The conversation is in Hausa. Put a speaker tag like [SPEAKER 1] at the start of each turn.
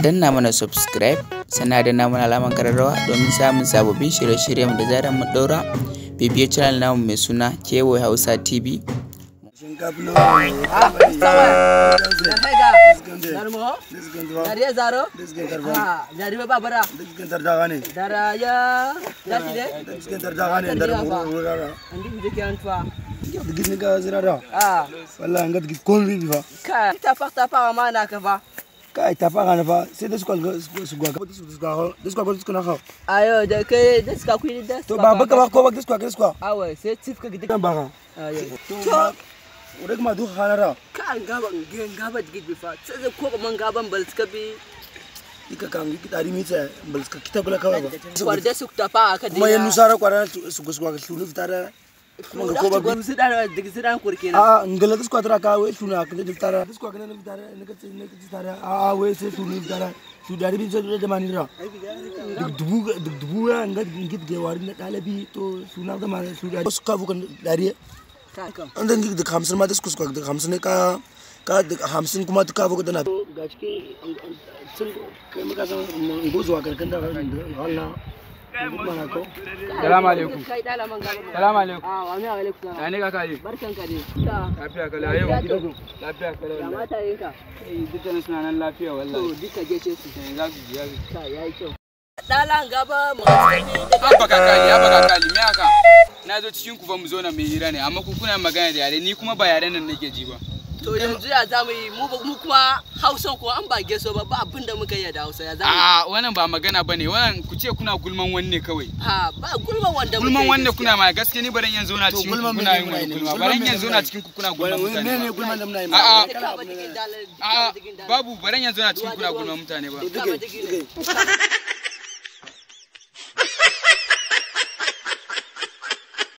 [SPEAKER 1] danna mana subscribe sana da mana alamar kararrawa domin samun sababbin shirye-shiryen da zarar mu daura bibiyar channel namu mai suna kewaye hausa tv
[SPEAKER 2] Gis ni ka zira da? Ah. Wallahi an ga bi fa. Ka ta fa ma na ka fa. kai ta fara na fa sai da suka suka ga suka da suka ga suka na ha ayo da kai da suka ku da to ba baka ba ko ba suka ga suka awo sai chief ka gidan ba ha ayo to udah ma du hanara ka an gaba ngin gaba digit bi fa sai ko man gaban bal suka bi ika kan ki dari mita bal suka kita gula kawai ba kwar da suka ta fa ka da kuma yan nusara kwara suka suka ka tunu fitara ngala ko atara ka we suna ka de tara ko ka ne tara ne ka ne ka tara a we se sunu tara su dari bi se de mani ra dubu dubu ya ngat ngit ge wari na kala bi to suna da mani su dari ko ka bu kan dari an dan ngit de khamsan ma des ko ka de khamsan ka ka de khamsan kuma ka bu da na gashi sun kai maka san go zuwa karkan da halna Salamu alaikum.
[SPEAKER 1] Salamu alaikum. salam. ne kaka ne? Barkan ne. Lafiya lafiya Ya mata yinka. suna nan lafiya wallahi. To, duka gece su. za Ka yayi kyau. Dalan gaba mu Abba kaka abba kaka Me haka? Na zo cikin ku fa mu zo na mai hira ne, amma ku kuna magana da yare, ni kuma ba yaren nan nake ji ba. to yanzu
[SPEAKER 2] ya za mu yi mu kuma hausa ko an ba geso ba ba abin da muka yi da hausa ya za a ah,
[SPEAKER 1] wannan ba magana ba ne wannan ku ce kuna gulman wanne kawai ha ba gulman wanda gulman wanda kuna ma gaske ni bare yanzu na cikin kuna yin wani gulma baran yanzu na cikin kuna gulman mutane ne ne gulman da muna yi ah, ah. a a babu bare yanzu na cikin kuna gulman mutane ba